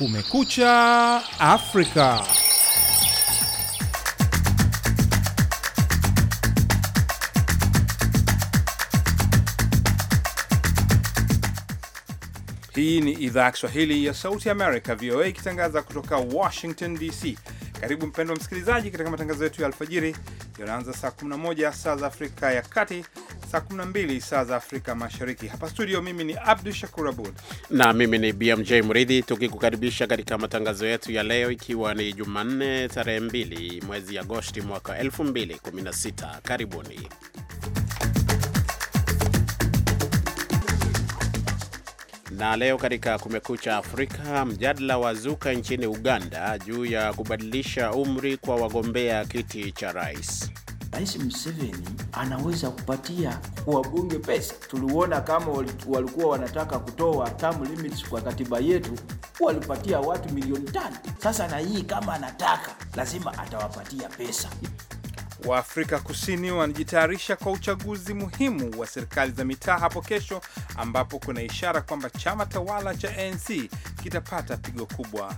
Kumekucha Afrika. Hii ni idhaa ya Kiswahili ya Sauti ya Amerika, VOA, ikitangaza kutoka Washington DC. Karibu mpendwa msikilizaji, katika matangazo yetu ya alfajiri yanaanza saa 11 saa za Afrika ya Kati saa 12 saa za Afrika Mashariki. Hapa studio, mimi ni Abdu Shakur Abud na mimi ni BMJ Mridhi, tukikukaribisha katika matangazo yetu ya leo, ikiwa ni Jumanne tarehe 2 mwezi Agosti mwaka 2016. Karibuni. Na leo katika Kumekucha Afrika, mjadala wa zuka nchini Uganda juu ya kubadilisha umri kwa wagombea kiti cha rais. Rais Museveni anaweza kupatia wabunge pesa. Tuliona kama walikuwa wanataka kutoa term limits kwa katiba yetu, walipatia watu milioni tano. Sasa na hii kama anataka lazima atawapatia pesa. Waafrika Kusini wanajitayarisha kwa uchaguzi muhimu wa serikali za mitaa hapo kesho, ambapo kuna ishara kwamba chama tawala cha ANC kitapata pigo kubwa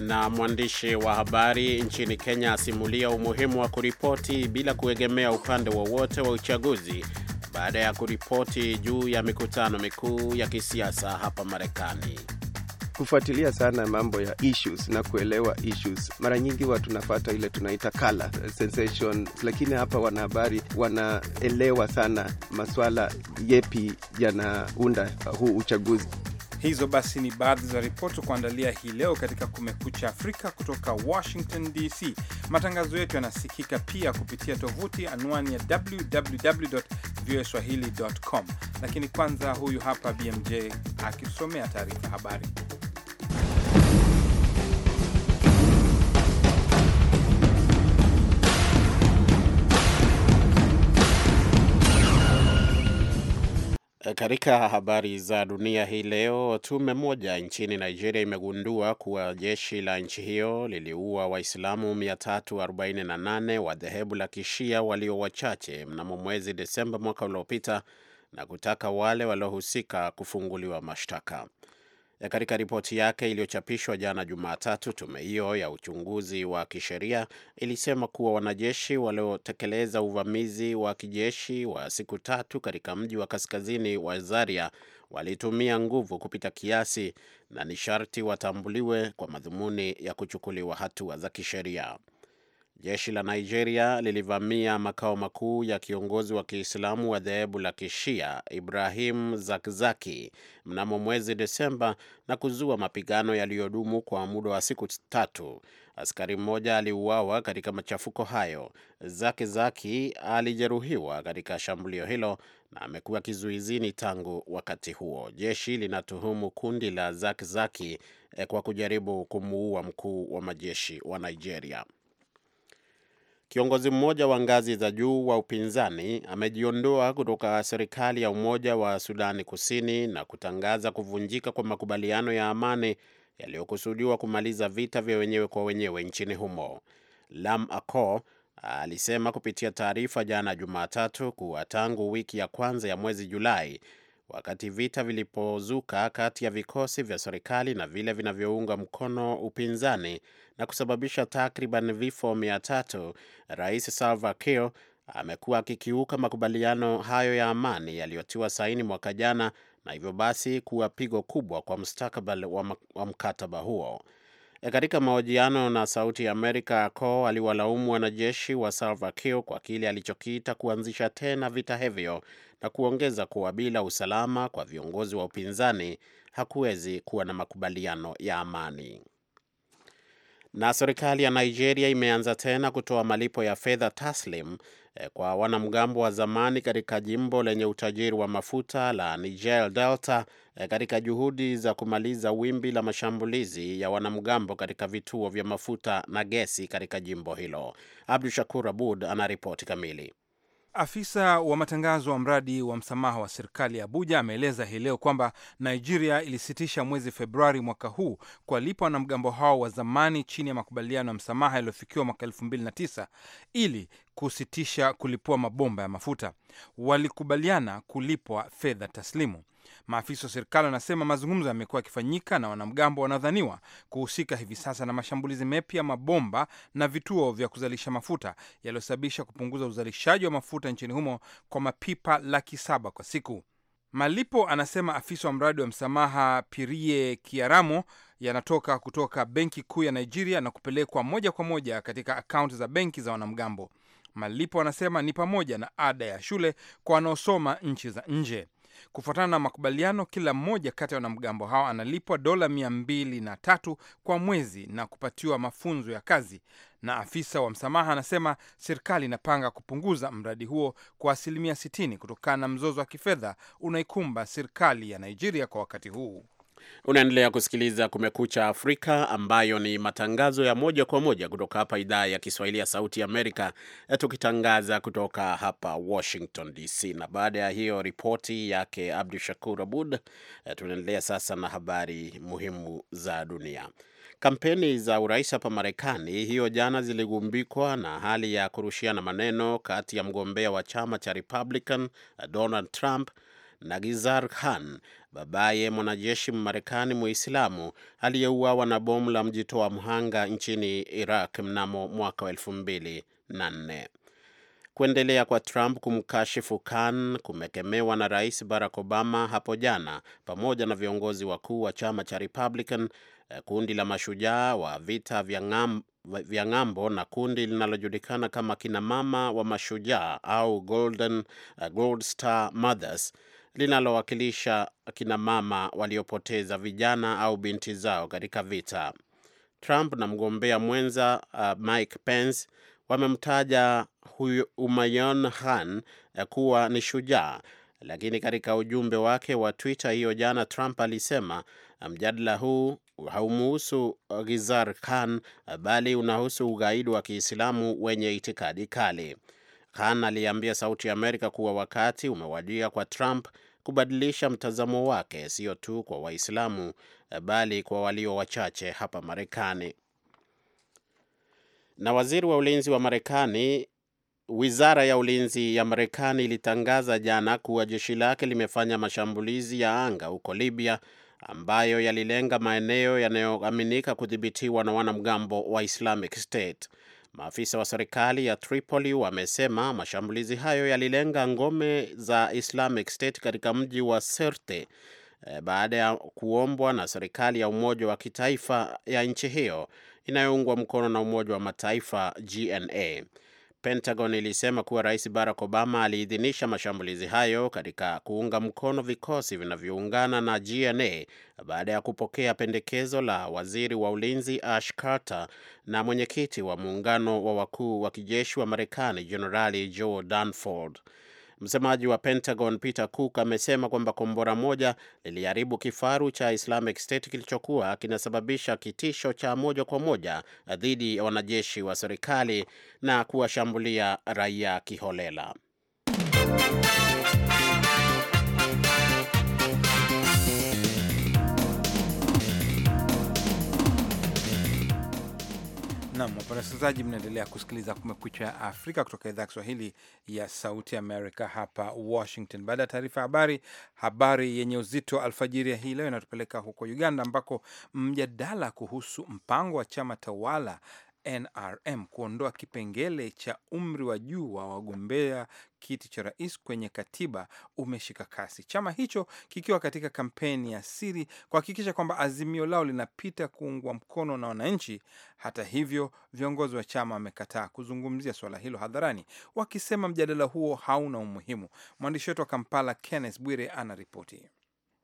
na mwandishi wa habari nchini Kenya asimulia umuhimu wa kuripoti bila kuegemea upande wowote wa, wa uchaguzi baada ya kuripoti juu ya mikutano mikuu ya kisiasa hapa Marekani. Kufuatilia sana mambo ya issues na kuelewa issues. Mara nyingi watu tunapata ile tunaita color sensation, lakini hapa wanahabari wanaelewa sana maswala yepi yanaunda huu uchaguzi. Hizo basi ni baadhi za ripoti kuandalia hii leo katika Kumekucha Afrika kutoka Washington DC. Matangazo yetu yanasikika pia kupitia tovuti anwani ya www voa swahili com, lakini kwanza, huyu hapa BMJ akisomea taarifa habari. Eh, katika habari za dunia hii leo, tume moja nchini Nigeria imegundua kuwa jeshi la nchi hiyo liliua Waislamu 348 wa dhehebu la Kishia walio wachache mnamo mwezi Desemba mwaka uliopita na kutaka wale waliohusika kufunguliwa mashtaka ya eh, katika ripoti yake iliyochapishwa jana Jumatatu, tume hiyo ya uchunguzi wa kisheria ilisema kuwa wanajeshi waliotekeleza uvamizi wa kijeshi wa siku tatu katika mji wa kaskazini wa Zaria walitumia nguvu kupita kiasi na ni sharti watambuliwe kwa madhumuni ya kuchukuliwa hatua za kisheria. Jeshi la Nigeria lilivamia makao makuu ya kiongozi wa Kiislamu wa dhehebu la Kishia Ibrahim Zakzaki mnamo mwezi Desemba na kuzua mapigano yaliyodumu kwa muda wa siku tatu. Askari mmoja aliuawa katika machafuko hayo. Zakzaki alijeruhiwa katika shambulio hilo na amekuwa kizuizini tangu wakati huo. Jeshi linatuhumu kundi la Zakzaki eh, kwa kujaribu kumuua mkuu wa majeshi wa Nigeria. Kiongozi mmoja wa ngazi za juu wa upinzani amejiondoa kutoka serikali ya umoja wa Sudani Kusini na kutangaza kuvunjika kwa makubaliano ya amani yaliyokusudiwa kumaliza vita vya wenyewe kwa wenyewe nchini humo. Lam aco alisema kupitia taarifa jana Jumatatu kuwa tangu wiki ya kwanza ya mwezi Julai wakati vita vilipozuka kati ya vikosi vya serikali na vile vinavyounga mkono upinzani na kusababisha takriban vifo mia tatu. Rais Salva Kiir amekuwa akikiuka makubaliano hayo ya amani yaliyotiwa saini mwaka jana na hivyo basi kuwa pigo kubwa kwa mustakabali wa mkataba huo. E, katika mahojiano na Sauti ya Amerika, Co aliwalaumu wanajeshi wa Salva Kiir kwa kile alichokiita kuanzisha tena vita hivyo na kuongeza kuwa bila usalama kwa viongozi wa upinzani hakuwezi kuwa na makubaliano ya amani. Na serikali ya Nigeria imeanza tena kutoa malipo ya fedha taslim Eh, kwa wanamgambo wa zamani katika jimbo lenye utajiri wa mafuta la Niger Delta eh, katika juhudi za kumaliza wimbi la mashambulizi ya wanamgambo katika vituo vya mafuta na gesi katika jimbo hilo. Abdu Shakur Abud ana ripoti kamili. Afisa wa matangazo wa mradi wa msamaha wa serikali ya Abuja ameeleza hii leo kwamba Nigeria ilisitisha mwezi Februari mwaka huu kuwalipa wanamgambo hao wa zamani chini ya makubaliano ya msamaha yaliyofikiwa mwaka 2009 ili kusitisha kulipua mabomba ya mafuta. Walikubaliana kulipwa fedha taslimu. Maafisa wa serikali wanasema mazungumzo yamekuwa yakifanyika na wanamgambo wanaodhaniwa kuhusika hivi sasa na mashambulizi mepya mabomba na vituo vya kuzalisha mafuta yaliyosababisha kupunguza uzalishaji wa mafuta nchini humo kwa mapipa laki saba kwa siku. Malipo, anasema afisa wa mradi wa msamaha Pirie Kiaramo, yanatoka kutoka benki kuu ya Nigeria na kupelekwa moja kwa moja katika akaunti za benki za wanamgambo. Malipo, anasema ni pamoja na ada ya shule kwa wanaosoma nchi za nje. Kufuatana na makubaliano, kila mmoja kati ya wanamgambo hao analipwa dola mia mbili na tatu kwa mwezi na kupatiwa mafunzo ya kazi, na afisa wa msamaha anasema serikali inapanga kupunguza mradi huo kwa asilimia 60 kutokana na mzozo wa kifedha unaikumba serikali ya Nigeria kwa wakati huu. Unaendelea kusikiliza Kumekucha Afrika, ambayo ni matangazo ya moja kwa moja kutoka hapa idhaa ya Kiswahili ya Sauti Amerika, eh, tukitangaza kutoka hapa Washington DC. Na baada ya hiyo ripoti yake Abdu Shakur Abud, eh, tunaendelea sasa na habari muhimu za dunia. Kampeni za urais hapa Marekani hiyo jana ziligumbikwa na hali ya kurushiana maneno kati ya mgombea wa chama cha Republican eh, Donald Trump nagizar Khan, babaye mwanajeshi Mmarekani Muislamu aliyeuawa na bomu la mjitoa mhanga nchini Iraq mnamo mwaka wa elfu mbili na nne. Kuendelea kwa Trump kumkashifu Khan kumekemewa na Rais Barack Obama hapo jana pamoja na viongozi wakuu wa chama cha Republican, eh, kundi la mashujaa wa vita vya ng'ambo na kundi linalojulikana kama kinamama wa mashujaa au Golden, eh, Gold Star Mothers linalowakilisha kinamama mama waliopoteza vijana au binti zao katika vita. Trump na mgombea mwenza uh, Mike Pence wamemtaja huyu Umayon Khan uh, kuwa ni shujaa, lakini katika ujumbe wake wa Twitter hiyo jana, Trump alisema uh, mjadala huu haumuhusu Gizar Khan uh, bali unahusu ugaidi wa Kiislamu wenye itikadi kali. Khan aliambia Sauti ya Amerika kuwa wakati umewadia kwa Trump kubadilisha mtazamo wake, sio tu kwa Waislamu eh, bali kwa walio wachache hapa Marekani. Na waziri wa ulinzi wa Marekani Wizara ya ulinzi ya Marekani ilitangaza jana kuwa jeshi lake limefanya mashambulizi ya anga huko Libya ambayo yalilenga maeneo yanayoaminika kudhibitiwa na wanamgambo wa Islamic State. Maafisa wa serikali ya Tripoli wamesema mashambulizi hayo yalilenga ngome za Islamic State katika mji wa Sirte eh, baada ya kuombwa na serikali ya umoja wa kitaifa ya nchi hiyo inayoungwa mkono na Umoja wa Mataifa, GNA. Pentagon ilisema kuwa Rais Barack Obama aliidhinisha mashambulizi hayo katika kuunga mkono vikosi vinavyoungana na GNA baada ya kupokea pendekezo la Waziri wa Ulinzi Ash Carter na mwenyekiti wa muungano wa wakuu wa kijeshi wa Marekani Jenerali Joe Dunford. Msemaji wa Pentagon Peter Cook amesema kwamba kombora moja liliharibu kifaru cha Islamic State kilichokuwa kinasababisha kitisho cha moja kwa moja dhidi ya wanajeshi wa serikali na kuwashambulia raia kiholela. Nam wasikilizaji, mnaendelea kusikiliza Kumekucha Afrika kutoka idhaa ya Kiswahili ya Sauti Amerika hapa Washington. Baada ya taarifa habari, habari yenye uzito alfajiri ya hii leo inatupeleka huko Uganda, ambako mjadala kuhusu mpango wa chama tawala NRM kuondoa kipengele cha umri wa juu wa wagombea kiti cha rais kwenye katiba umeshika kasi, chama hicho kikiwa katika kampeni ya siri kuhakikisha kwamba azimio lao linapita kuungwa mkono na wananchi. Hata hivyo, viongozi wa chama wamekataa kuzungumzia suala hilo hadharani, wakisema mjadala huo hauna umuhimu. Mwandishi wetu wa Kampala, Kenneth Bwire, anaripoti.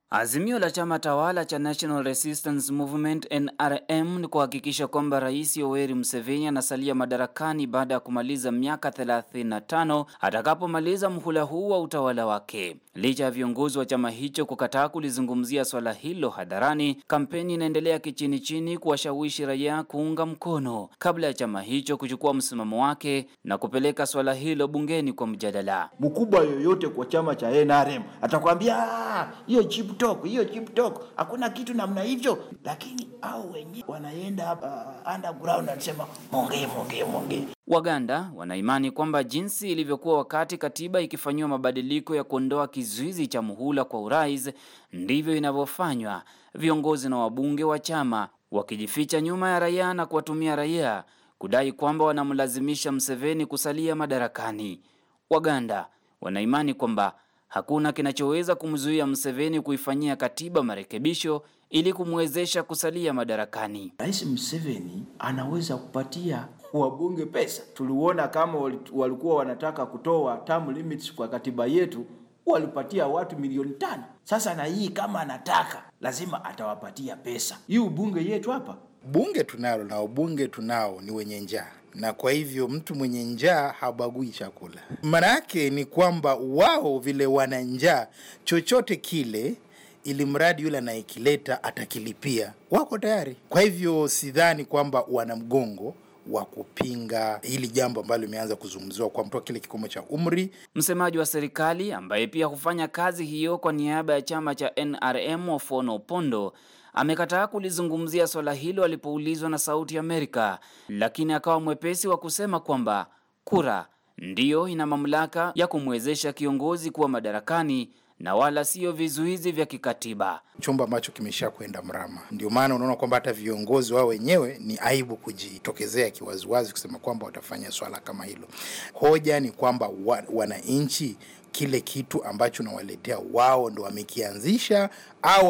Azimio la chama tawala cha National Resistance Movement NRM ni kuhakikisha kwamba Rais Yoweri Museveni anasalia madarakani baada ya kumaliza miaka 35 atakapomaliza mhula huu wa utawala wake. Licha ya viongozi wa chama hicho kukataa kulizungumzia swala hilo hadharani, kampeni inaendelea kichini chini kuwashawishi raia kuunga mkono kabla ya chama hicho kuchukua msimamo wake na kupeleka swala hilo bungeni kwa mjadala. Mkubwa yoyote kwa chama cha NRM atakwambia ah, hiyo chip tiktok hiyo tiktok hakuna kitu namna hivyo, lakini au wenyewe wanaenda hapa uh, underground anasema mongee mongee mongee. Waganda wanaimani kwamba jinsi ilivyokuwa wakati katiba ikifanyiwa mabadiliko ya kuondoa kizuizi cha muhula kwa urais, ndivyo inavyofanywa viongozi na wabunge wa chama wakijificha nyuma ya raia na kuwatumia raia kudai kwamba wanamlazimisha Mseveni kusalia madarakani. Waganda wanaimani kwamba hakuna kinachoweza kumzuia Museveni kuifanyia katiba marekebisho ili kumwezesha kusalia madarakani. Rais Museveni anaweza kupatia wabunge pesa. Tuliuona kama walikuwa wanataka kutoa term limits kwa katiba yetu, walipatia watu milioni tano. Sasa na hii kama anataka lazima atawapatia pesa. Hii ubunge yetu hapa, bunge tunalo na ubunge tunao ni wenye njaa na kwa hivyo mtu mwenye njaa habagui chakula. Maana yake ni kwamba wao vile wana njaa, chochote kile ili mradi yule anayekileta atakilipia, wako tayari. Kwa hivyo sidhani kwamba wana mgongo wa kupinga hili jambo ambalo limeanza kuzungumziwa kwa mtoa kile kikomo cha umri. Msemaji wa serikali ambaye pia hufanya kazi hiyo kwa niaba ya chama cha NRM Ofono Opondo amekataa kulizungumzia swala hilo alipoulizwa na Sauti Amerika, lakini akawa mwepesi wa kusema kwamba kura ndiyo ina mamlaka ya kumwezesha kiongozi kuwa madarakani na wala sio vizuizi vya kikatiba, chombo ambacho kimesha kwenda mrama. Ndio maana unaona kwamba hata viongozi wao wenyewe ni aibu kujitokezea kiwaziwazi kusema kwamba watafanya swala kama hilo. Hoja ni kwamba wananchi kile kitu ambacho unawaletea wao ndo wamekianzisha au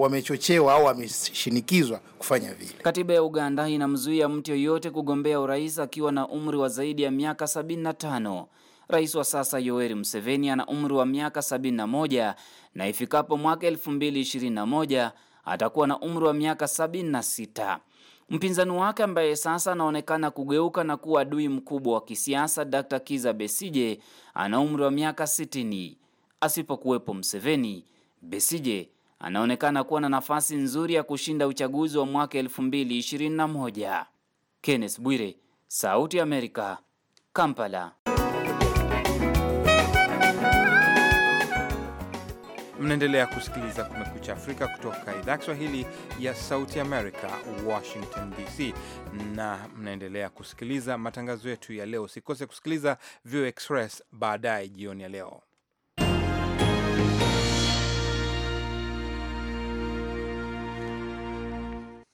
wamechochewa au wameshinikizwa kufanya vile. Katiba ya Uganda inamzuia mtu yoyote kugombea urais akiwa na umri wa zaidi ya miaka 75. Rais wa sasa Yoweri Museveni ana umri wa miaka 71 na ifikapo mwaka 2021 atakuwa na umri wa miaka 76. Mpinzani wake ambaye sasa anaonekana kugeuka na kuwa adui mkubwa wa kisiasa, Dr. Kiza Besije ana umri wa miaka 60. Asipokuwepo Mseveni, Besije anaonekana kuwa na nafasi nzuri ya kushinda uchaguzi wa mwaka 2021. Kenneth Bwire, Sauti ya Amerika, Kampala. Mnaendelea kusikiliza Kumekucha Afrika kutoka idhaa ya Kiswahili ya Sauti Amerika, Washington DC, na mnaendelea kusikiliza matangazo yetu ya leo. Usikose kusikiliza VOA Express baadaye jioni ya leo.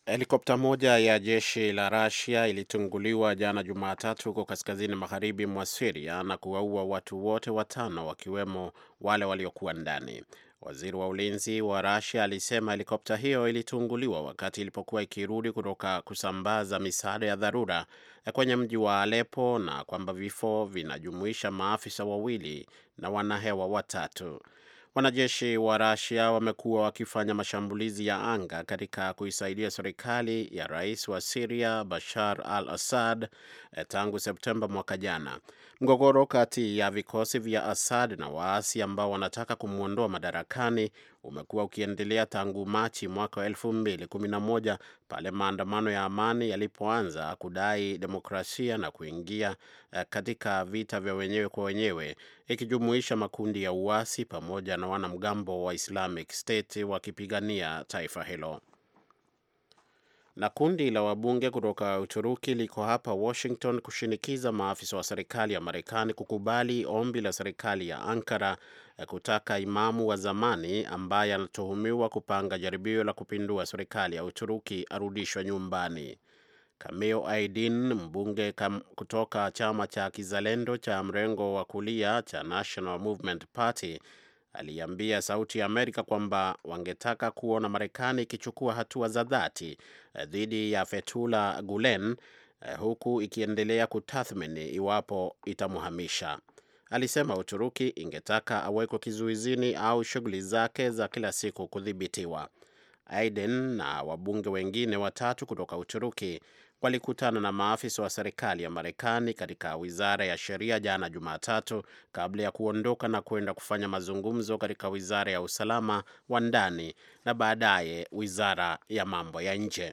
Helikopta moja ya jeshi la Rasia ilitunguliwa jana Jumatatu huko kaskazini magharibi mwa Siria na kuwaua watu wote watano wakiwemo wale waliokuwa ndani. Waziri wa ulinzi wa Rasia alisema helikopta hiyo ilitunguliwa wakati ilipokuwa ikirudi kutoka kusambaza misaada ya dharura kwenye mji wa Alepo na kwamba vifo vinajumuisha maafisa wawili na wanahewa watatu. Wanajeshi wa Rasia wamekuwa wakifanya mashambulizi ya anga katika kuisaidia serikali ya rais wa Siria Bashar al Assad eh, tangu Septemba mwaka jana. Mgogoro kati ya vikosi vya Assad na waasi ambao wanataka kumwondoa madarakani umekuwa ukiendelea tangu Machi mwaka wa moja pale maandamano ya amani yalipoanza kudai demokrasia na kuingia eh, katika vita vya wenyewe kwa wenyewe ikijumuisha makundi ya uasi pamoja na wanamgambo wa Islamic State wakipigania taifa hilo na kundi la wabunge kutoka Uturuki liko hapa Washington kushinikiza maafisa wa serikali ya Marekani kukubali ombi la serikali ya Ankara ya eh, kutaka imamu wa zamani ambaye anatuhumiwa kupanga jaribio la kupindua serikali ya Uturuki arudishwe nyumbani. Kameo Aidin, mbunge kam kutoka chama cha kizalendo cha mrengo wa kulia cha National Movement Party aliambia Sauti ya Amerika kwamba wangetaka kuona Marekani ikichukua hatua za dhati eh, dhidi ya Fethullah Gulen eh, huku ikiendelea kutathmini iwapo itamhamisha. Alisema Uturuki ingetaka awekwe kizuizini au shughuli zake za kila siku kudhibitiwa. Aiden na wabunge wengine watatu kutoka Uturuki walikutana na maafisa wa serikali ya Marekani katika wizara ya sheria jana Jumatatu, kabla ya kuondoka na kwenda kufanya mazungumzo katika wizara ya usalama wa ndani na baadaye wizara ya mambo ya nje.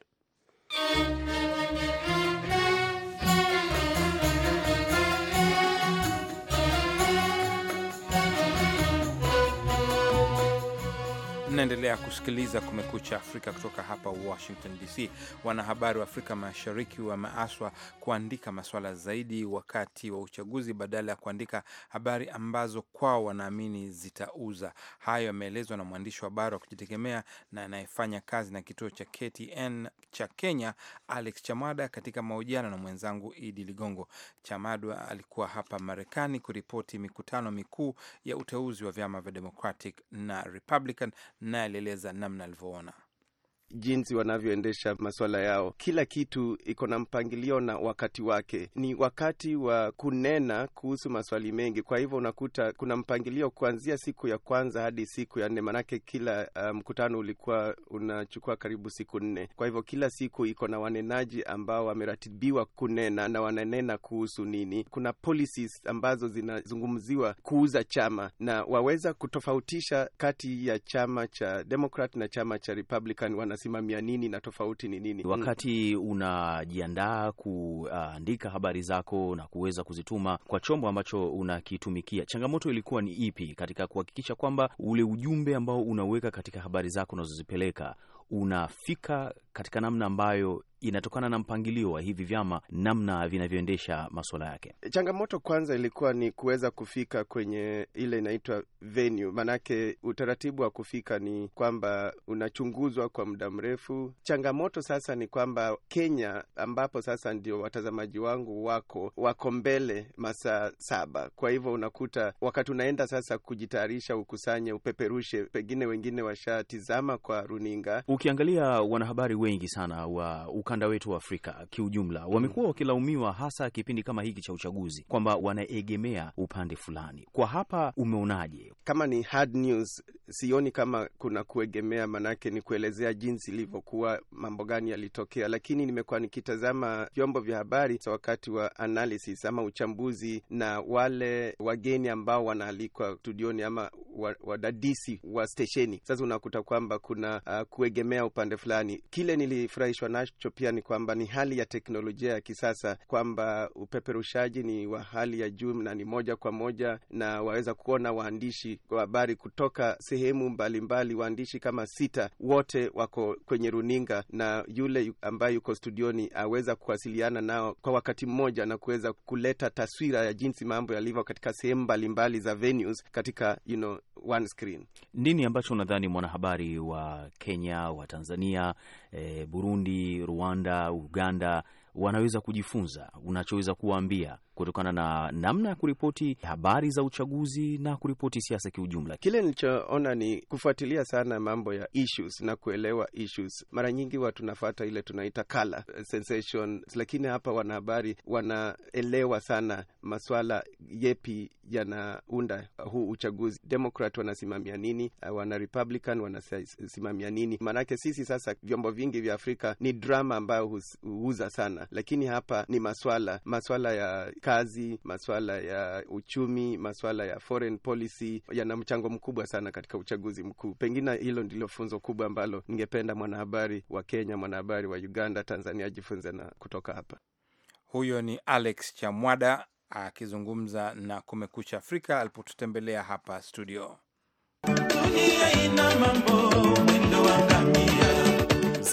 Mnaendelea kusikiliza Kumekucha Afrika kutoka hapa Washington DC. Wanahabari wa Afrika Mashariki wameaswa kuandika maswala zaidi wakati wa uchaguzi badala ya kuandika habari ambazo kwao wanaamini zitauza. Hayo yameelezwa na mwandishi wa habari wa kujitegemea na anayefanya kazi na kituo cha KTN cha Kenya, Alex Chamada, katika mahojiano na mwenzangu Idi Ligongo. Chamada alikuwa hapa Marekani kuripoti mikutano mikuu ya uteuzi wa vyama vya Democratic na Republican na alieleza namna alivyoona jinsi wanavyoendesha masuala yao. Kila kitu iko na mpangilio na wakati wake. Ni wakati wa kunena kuhusu maswali mengi, kwa hivyo unakuta kuna mpangilio kuanzia siku ya kwanza hadi siku ya nne, maanake kila um, mkutano um, ulikuwa unachukua karibu siku nne. Kwa hivyo kila siku iko na wanenaji ambao wameratibiwa kunena na wananena kuhusu nini. Kuna policies ambazo zinazungumziwa kuuza chama, na waweza kutofautisha kati ya chama cha Democrat na chama cha Republican wana inasimamia nini na tofauti ni nini. Wakati unajiandaa kuandika habari zako na kuweza kuzituma kwa chombo ambacho unakitumikia, changamoto ilikuwa ni ipi katika kuhakikisha kwamba ule ujumbe ambao unaweka katika habari zako unazozipeleka unafika katika namna ambayo inatokana na mpangilio wa hivi vyama namna vinavyoendesha masuala yake. Changamoto kwanza ilikuwa ni kuweza kufika kwenye ile inaitwa venue, maanake utaratibu wa kufika ni kwamba unachunguzwa kwa muda mrefu. Changamoto sasa ni kwamba Kenya, ambapo sasa ndio watazamaji wangu wako wako mbele masaa saba, kwa hivyo unakuta wakati unaenda sasa kujitayarisha, ukusanye, upeperushe, pengine wengine washatizama kwa runinga. Ukiangalia wanahabari wengi sana wa ukanda wetu wa Afrika kiujumla wamekuwa wakilaumiwa hasa kipindi kama hiki cha uchaguzi kwamba wanaegemea upande fulani. Kwa hapa umeonaje? Kama ni hard news, sioni kama kuna kuegemea, maanake ni kuelezea jinsi ilivyokuwa, mambo gani yalitokea, lakini nimekuwa nikitazama vyombo vya habari wakati wa analysis ama uchambuzi na wale wageni ambao wanaalikwa studioni ama wadadisi wa stesheni. Sasa unakuta kwamba kuna uh, kuegemea upande fulani. Kile nilifurahishwa nacho pia ni kwamba ni hali ya teknolojia ya kisasa, kwamba upeperushaji ni wa hali ya juu na ni moja kwa moja, na waweza kuona waandishi wa habari kutoka sehemu mbalimbali, waandishi kama sita wote wako kwenye runinga, na yule ambaye yuko studioni aweza kuwasiliana nao kwa wakati mmoja na kuweza kuleta taswira ya jinsi mambo yalivyo katika sehemu mbalimbali za venues katika you know, one screen. Nini ambacho unadhani mwanahabari wa Kenya, wa Tanzania, eh, Burundi, Rwanda Rwanda, Uganda wanaweza kujifunza unachoweza kuwaambia kutokana na namna ya kuripoti habari za uchaguzi na kuripoti siasa kiujumla. Kile nilichoona ni kufuatilia sana mambo ya issues na kuelewa issues. Mara nyingi watunafata ile tunaita color sensation, lakini hapa wanahabari wanaelewa sana maswala yepi yanaunda huu uchaguzi. Demokrat wanasimamia nini, wana Republican wanasimamia nini? Maanake sisi sasa, vyombo vingi vya Afrika ni drama ambayo huuza sana, lakini hapa ni maswala maswala ya kazi, masuala ya uchumi, masuala ya foreign policy yana mchango mkubwa sana katika uchaguzi mkuu. Pengine hilo ndilo funzo kubwa ambalo ningependa mwanahabari wa Kenya, mwanahabari wa Uganda, Tanzania ajifunze na kutoka hapa. Huyo ni Alex Chamwada akizungumza na Kumekucha Afrika alipotutembelea hapa studio. Dunia ina mambo, mwendo wa ngamia.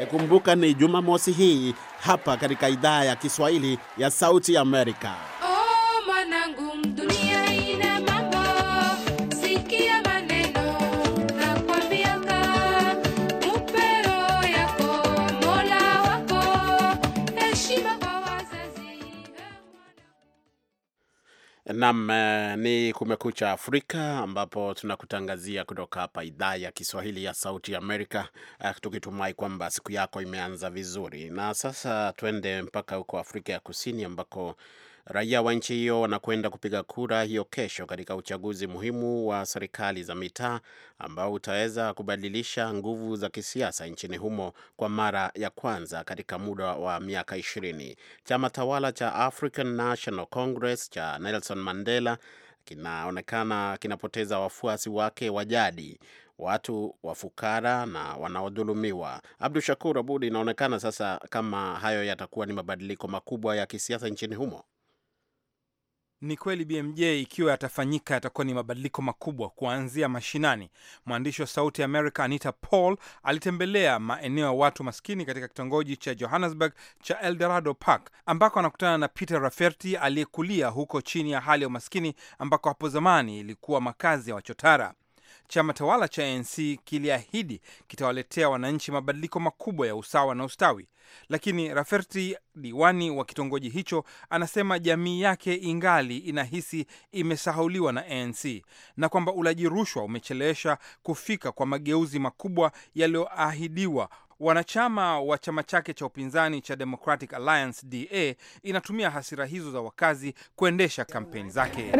ekumbuka ni Jumamosi hii hapa katika idhaa ya Kiswahili ya Sauti Amerika. Nam eh, ni Kumekucha Afrika, ambapo tunakutangazia kutoka hapa idhaa ya Kiswahili ya Sauti ya Amerika, eh, tukitumai kwamba siku yako imeanza vizuri. Na sasa tuende mpaka huko Afrika ya Kusini, ambako Raia wa nchi hiyo wanakwenda kupiga kura hiyo kesho katika uchaguzi muhimu wa serikali za mitaa ambao utaweza kubadilisha nguvu za kisiasa nchini humo kwa mara ya kwanza katika muda wa miaka ishirini. Chama tawala cha African National Congress cha Nelson Mandela kinaonekana kinapoteza wafuasi wake wa jadi, watu wafukara na wanaodhulumiwa. Abdu Shakur Abud, inaonekana sasa kama hayo yatakuwa ni mabadiliko makubwa ya kisiasa nchini humo. Ni kweli BMJ, ikiwa yatafanyika yatakuwa ni mabadiliko makubwa kuanzia mashinani. Mwandishi wa Sauti ya Amerika Anita Paul alitembelea maeneo ya watu maskini katika kitongoji cha Johannesburg cha Eldorado Park ambako anakutana na Peter raferti aliyekulia huko chini ya hali ya umaskini ambako hapo zamani ilikuwa makazi ya wachotara chama tawala cha ANC kiliahidi kitawaletea wananchi mabadiliko makubwa ya usawa na ustawi, lakini raferti diwani wa kitongoji hicho, anasema jamii yake ingali inahisi imesahauliwa na ANC na kwamba ulaji rushwa umechelewesha kufika kwa mageuzi makubwa yaliyoahidiwa Wanachama wa chama chake cha upinzani cha Democratic Alliance DA inatumia hasira hizo za wakazi kuendesha kampeni zake.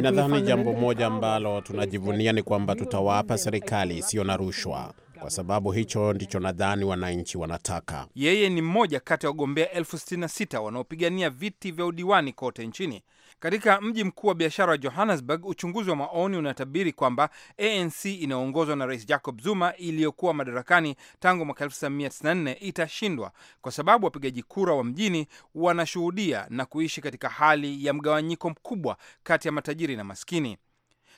Nadhani jambo moja ambalo tunajivunia ni kwamba tutawapa serikali isiyo na rushwa kwa sababu hicho ndicho nadhani wananchi wanataka. Yeye ni mmoja kati ya wagombea elfu sitini na sita wanaopigania viti vya udiwani kote nchini. Katika mji mkuu wa biashara wa Johannesburg, uchunguzi wa maoni unatabiri kwamba ANC inayoongozwa na Rais Jacob Zuma iliyokuwa madarakani tangu mwaka 1994 itashindwa kwa sababu wapigaji kura wa mjini wanashuhudia na kuishi katika hali ya mgawanyiko mkubwa kati ya matajiri na maskini.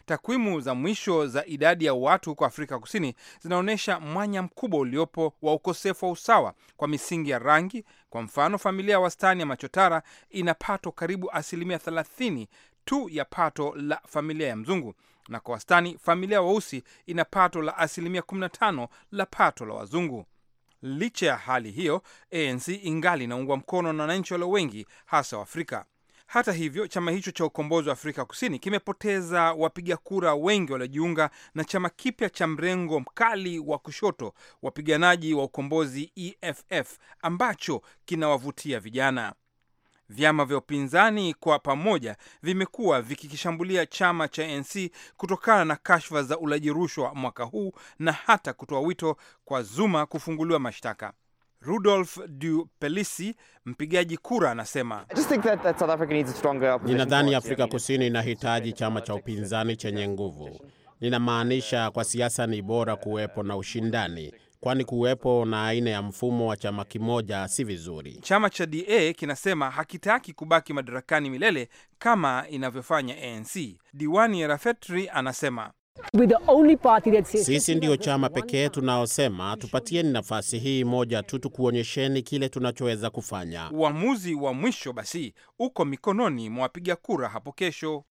Takwimu za mwisho za idadi ya watu huko Afrika Kusini zinaonyesha mwanya mkubwa uliopo wa ukosefu wa usawa kwa misingi ya rangi. Kwa mfano, familia ya wastani ya machotara ina pato karibu asilimia 30 tu ya pato la familia ya mzungu, na kwa wastani familia weusi ina pato la asilimia 15 la pato la wazungu. Licha ya hali hiyo, ANC ingali inaungwa mkono na wananchi walio wengi, hasa Waafrika. Hata hivyo, chama hicho cha ukombozi wa Afrika Kusini kimepoteza wapiga kura wengi waliojiunga na chama kipya cha mrengo mkali wa kushoto, wapiganaji wa ukombozi EFF, ambacho kinawavutia vijana. Vyama vya upinzani kwa pamoja vimekuwa vikikishambulia chama cha ANC kutokana na kashfa za ulaji rushwa mwaka huu na hata kutoa wito kwa Zuma kufunguliwa mashtaka. Rudolf Du Pelisi, mpigaji kura, anasema ninadhani Afrika Kusini inahitaji chama cha upinzani chenye nguvu. Ninamaanisha kwa siasa ni bora kuwepo na ushindani, kwani kuwepo na aina ya mfumo wa chama kimoja si vizuri. Chama cha DA kinasema hakitaki kubaki madarakani milele kama inavyofanya ANC. Diwani Rafetri anasema sisi ndiyo chama pekee tunaosema tupatieni nafasi hii moja tu, tukuonyesheni kile tunachoweza kufanya. Uamuzi wa mwisho basi uko mikononi mwa wapiga kura hapo kesho.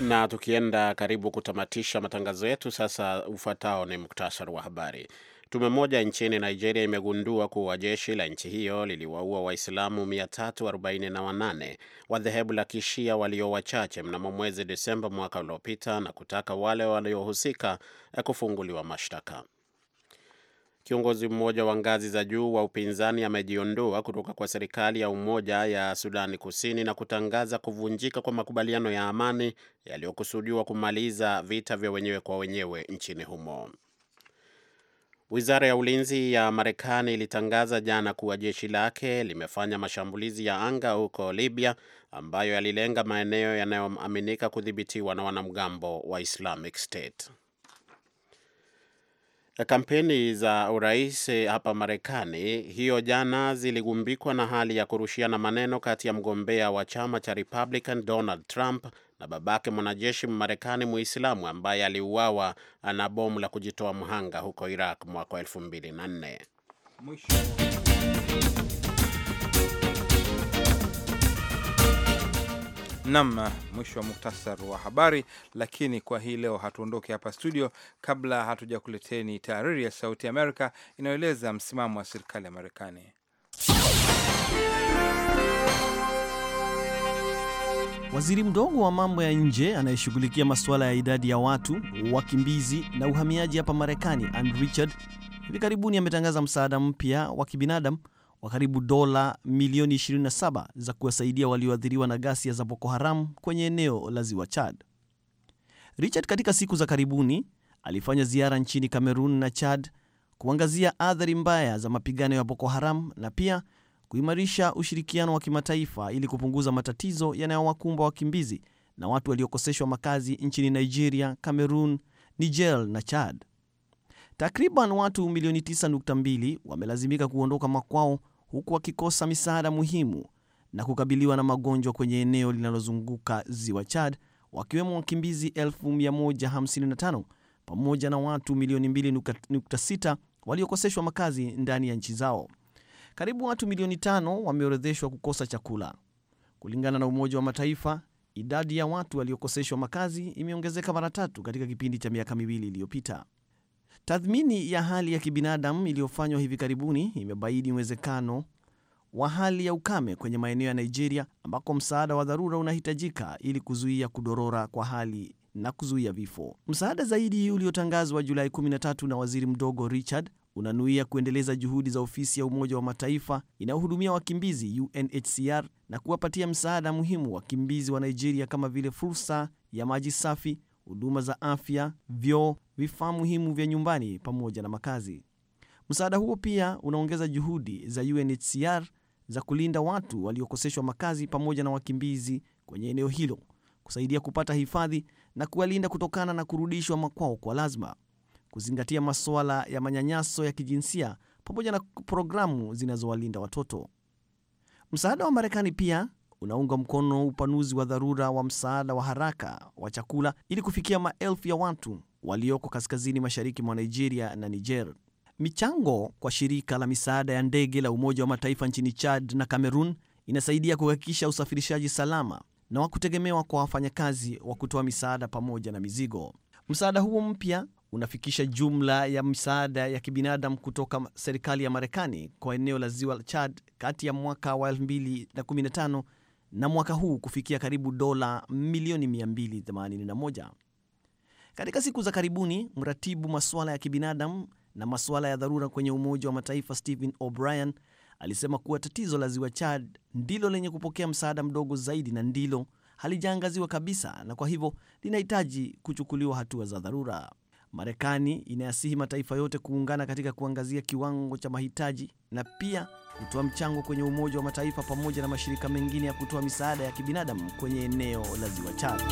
Na tukienda karibu kutamatisha matangazo yetu sasa, ufuatao ni muktasari wa habari. Tume moja nchini Nigeria imegundua kuwa jeshi la nchi hiyo liliwaua Waislamu 348 wa dhehebu la Kishia walio wachache mnamo mwezi Desemba mwaka uliopita na kutaka wale waliohusika eh, kufunguliwa mashtaka. Kiongozi mmoja wa ngazi za juu wa upinzani amejiondoa kutoka kwa serikali ya umoja ya Sudani Kusini na kutangaza kuvunjika kwa makubaliano ya amani yaliyokusudiwa kumaliza vita vya wenyewe kwa wenyewe nchini humo. Wizara ya ulinzi ya Marekani ilitangaza jana kuwa jeshi lake limefanya mashambulizi ya anga huko Libya ambayo yalilenga maeneo yanayoaminika kudhibitiwa na wanamgambo wa Islamic State. Kampeni za urais eh, hapa Marekani hiyo jana ziligumbikwa na hali ya kurushiana maneno kati ya mgombea wa chama cha Republican Donald Trump na babake mwanajeshi Mmarekani Muislamu ambaye aliuawa na bomu la kujitoa mhanga huko Iraq mwaka 24 Nam, mwisho wa muktasar wa habari. Lakini kwa hii leo hatuondoke hapa studio kabla hatujakuleteni tahariri ya Sauti Amerika inayoeleza msimamo wa serikali ya Marekani. Waziri mdogo wa mambo ya nje anayeshughulikia masuala ya idadi ya watu, wakimbizi na uhamiaji hapa Marekani, ann Richard, hivi karibuni ametangaza msaada mpya wa kibinadamu wa karibu dola milioni 27 za kuwasaidia walioathiriwa na ghasia za Boko Haram kwenye eneo la Ziwa Chad. Richard katika siku za karibuni alifanya ziara nchini Kamerun na Chad kuangazia athari mbaya za mapigano ya Boko Haram na pia kuimarisha ushirikiano wa kimataifa ili kupunguza matatizo yanayowakumba wakimbizi na watu waliokoseshwa makazi nchini Nigeria, Cameroon, Niger na Chad. Takriban watu milioni 9.2 wamelazimika kuondoka makwao huku wakikosa misaada muhimu na kukabiliwa na magonjwa kwenye eneo linalozunguka ziwa Chad, wakiwemo wakimbizi 155 pamoja na watu milioni 2.6 waliokoseshwa makazi ndani ya nchi zao. Karibu watu milioni tano wameorodheshwa kukosa chakula. Kulingana na Umoja wa Mataifa, idadi ya watu waliokoseshwa makazi imeongezeka mara tatu katika kipindi cha miaka miwili iliyopita. Tathmini ya hali ya kibinadamu iliyofanywa hivi karibuni imebaidi uwezekano wa hali ya ukame kwenye maeneo ya Nigeria ambako msaada wa dharura unahitajika ili kuzuia kudorora kwa hali na kuzuia vifo. Msaada zaidi uliotangazwa Julai 13 na waziri mdogo Richard unanuia kuendeleza juhudi za ofisi ya Umoja wa Mataifa inayohudumia wakimbizi UNHCR na kuwapatia msaada muhimu wakimbizi wa Nigeria kama vile fursa ya maji safi, huduma za afya, vyoo, vifaa muhimu vya nyumbani pamoja na makazi. Msaada huo pia unaongeza juhudi za UNHCR za kulinda watu waliokoseshwa makazi pamoja na wakimbizi kwenye eneo hilo, kusaidia kupata hifadhi na kuwalinda kutokana na kurudishwa makwao kwa lazima kuzingatia masuala ya manyanyaso ya kijinsia pamoja na programu zinazowalinda watoto. Msaada wa Marekani pia unaunga mkono upanuzi wa dharura wa msaada wa haraka wa chakula ili kufikia maelfu ya watu walioko kaskazini mashariki mwa Nigeria na Niger. Michango kwa shirika la misaada ya ndege la Umoja wa Mataifa nchini Chad na Cameroon inasaidia kuhakikisha usafirishaji salama na wa kutegemewa kwa wafanyakazi wa kutoa misaada pamoja na mizigo. Msaada huo mpya unafikisha jumla ya misaada ya kibinadamu kutoka serikali ya Marekani kwa eneo la ziwa Chad kati ya mwaka wa 2015 na, na mwaka huu kufikia karibu dola milioni 281. Katika siku za karibuni, mratibu masuala ya kibinadamu na masuala ya dharura kwenye Umoja wa Mataifa Stephen O'Brien alisema kuwa tatizo la ziwa Chad ndilo lenye kupokea msaada mdogo zaidi na ndilo halijaangaziwa kabisa, na kwa hivyo linahitaji kuchukuliwa hatua za dharura. Marekani inayasihi mataifa yote kuungana katika kuangazia kiwango cha mahitaji na pia kutoa mchango kwenye Umoja wa Mataifa pamoja na mashirika mengine ya kutoa misaada ya kibinadamu kwenye eneo la Ziwa Chad.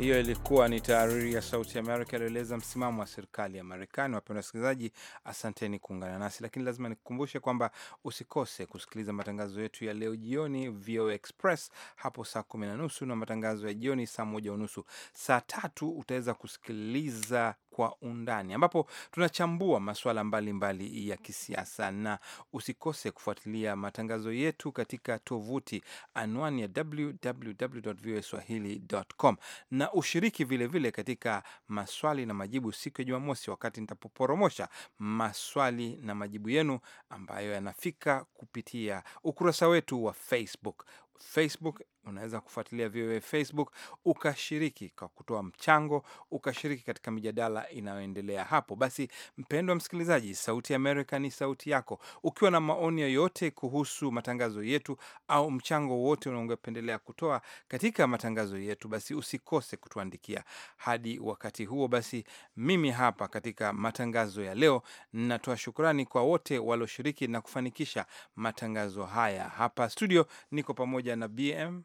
Hiyo ilikuwa ni tahariri ya Sauti ya Amerika ilieleza msimamo wa serikali ya Marekani. Wapenda wasikilizaji, asanteni kuungana nasi, lakini lazima nikukumbushe kwamba usikose kusikiliza matangazo yetu ya leo jioni, VOA Express hapo saa kumi na nusu na matangazo ya jioni saa moja unusu. Saa tatu utaweza kusikiliza kwa undani, ambapo tunachambua masuala mbalimbali mbali ya kisiasa, na usikose kufuatilia matangazo yetu katika tovuti anwani ya www.voaswahili.com, na ushiriki vilevile vile katika maswali na majibu siku ya Jumamosi, wakati nitapoporomosha maswali na majibu yenu ambayo yanafika kupitia ukurasa wetu wa Facebook. Facebook unaweza kufuatilia VOA Facebook ukashiriki kwa kutoa mchango, ukashiriki katika mijadala inayoendelea hapo. Basi mpendwa msikilizaji, Sauti Amerika ni sauti yako. Ukiwa na maoni yoyote kuhusu matangazo yetu au mchango wote unaongependelea kutoa katika matangazo yetu, basi usikose kutuandikia. Hadi wakati huo, basi mimi hapa katika matangazo ya leo natoa shukrani kwa wote walioshiriki na kufanikisha matangazo haya. Hapa studio niko pamoja pamoja na BM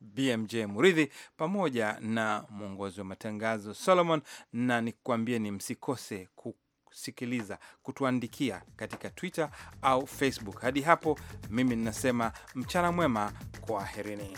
BMJ Muridhi pamoja na mwongozi wa matangazo Solomon, na nikuambie ni msikose kusikiliza, kutuandikia katika Twitter au Facebook. Hadi hapo mimi ninasema mchana mwema, kwaherini.